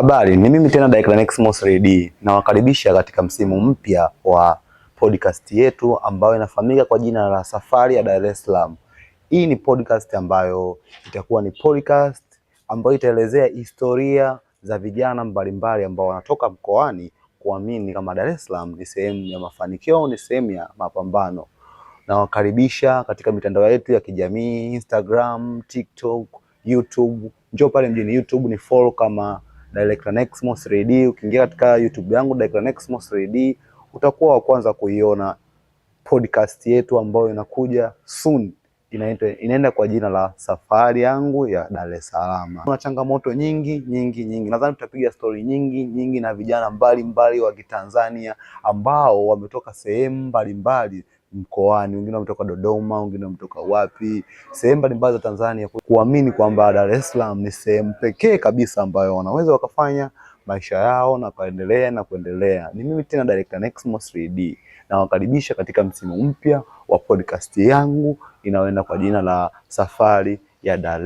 Habari, ni mimi tena Diaclinics Mos Redi, nawakaribisha katika msimu mpya wa podcast yetu ambayo inafahamika kwa jina la Safari ya Dar es Salaam. Hii ni podcast ambayo itakuwa ni podcast ambayo itaelezea historia za vijana mbalimbali ambao wanatoka mkoani kuamini kama Dar es Salaam ni sehemu ya mafanikio, ni sehemu ya mapambano. Nawakaribisha katika mitandao yetu ya kijamii Instagram, TikTok, YouTube. Njoo pale mjini YouTube ni follow kama Dichranexmo 3D. Ukiingia katika YouTube yangu Dichranexmo 3D utakuwa wa kwanza kuiona podcast yetu ambayo inakuja soon, Inaenda, inaenda kwa jina la safari yangu ya Dar es Salaam. Kuna changamoto nyingi nyingi nyingi, nadhani tutapiga stori nyingi nyingi na vijana mbalimbali wa Kitanzania ambao wametoka sehemu mbalimbali mkoani, wengine wametoka Dodoma, wengine wametoka wapi, sehemu mbalimbali za Tanzania, kuamini kwamba Dar es Salaam ni sehemu pekee kabisa ambayo wanaweza wakafanya maisha yao na kuendelea na kuendelea. Ni mimi tena Director Nexmos 3D na wakaribisha katika msimu mpya wa podcast yangu inayoenda kwa jina la Safari ya Dar